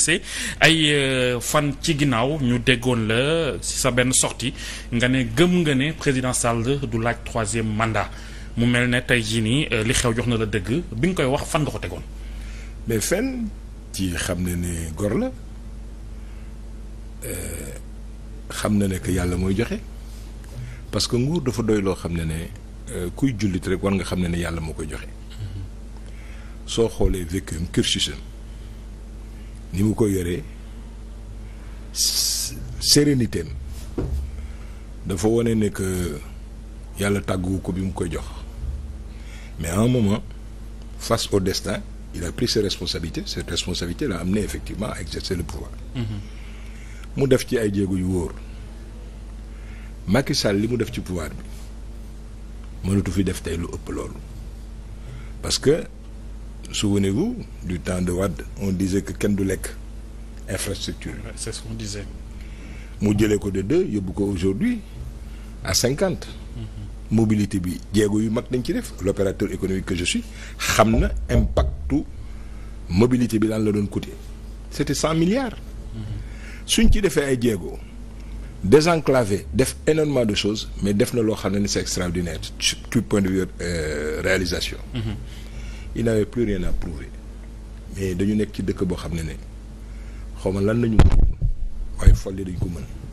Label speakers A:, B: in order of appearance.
A: gisee ay euh, fan ci ginnaaw ñu déggoon la si sa benn sortie nga ne gëm nga ne président Sall du laaj troisième mandat mu mel ne tey jii nii euh, li xew jox na la dégg bi nga koy wax fan nga ko tegoon.
B: mais fenn ci xam na ne gor la euh, xam na ne que yàlla mooy joxe parce que nguur dafa doy loo xam ne ne kuy jullit rek war nga xam ne ne yàlla moo koy joxe mm-hmm. soo xoolee vécu am cursus ni mu ko yoree sérénité dafa wane ne que yàlla tàgguwu ko bi mu koy jox mais à un moment face au destin il a pris ses responsabilités cette responsabilité l'a amené effectivement à exercer le mm-hmm. mu def ci ay jéego yu wóor Macky li mu def ci pouvoir bi mënatu fi def tey lu ëpp loolu parce souvenez-vous du temps de Wade on disait que kenn du lekk
C: infrastructure. c'est ce qu'on disait.
B: mu jëlee ko de deux yóbbu ko aujourd'hui à cinquante. Mm-hmm. mobilité bi jéego yu mag dañ ci def l'opérateur économique que je suis xam na impactu mobilité bi daan la doon coûter c'était cent milliards. Mm-hmm. suñ ci defee ay jéego désenclavé def énormément de choses mais def na loo xam ne c'est extraordinaire du point de vue euh, réalisation. Mm-hmm. il n'avait plus rien mais dañu nekk ci dëkk boo xam ne ne xaw ma lan lañu waaye folle dañ ko mën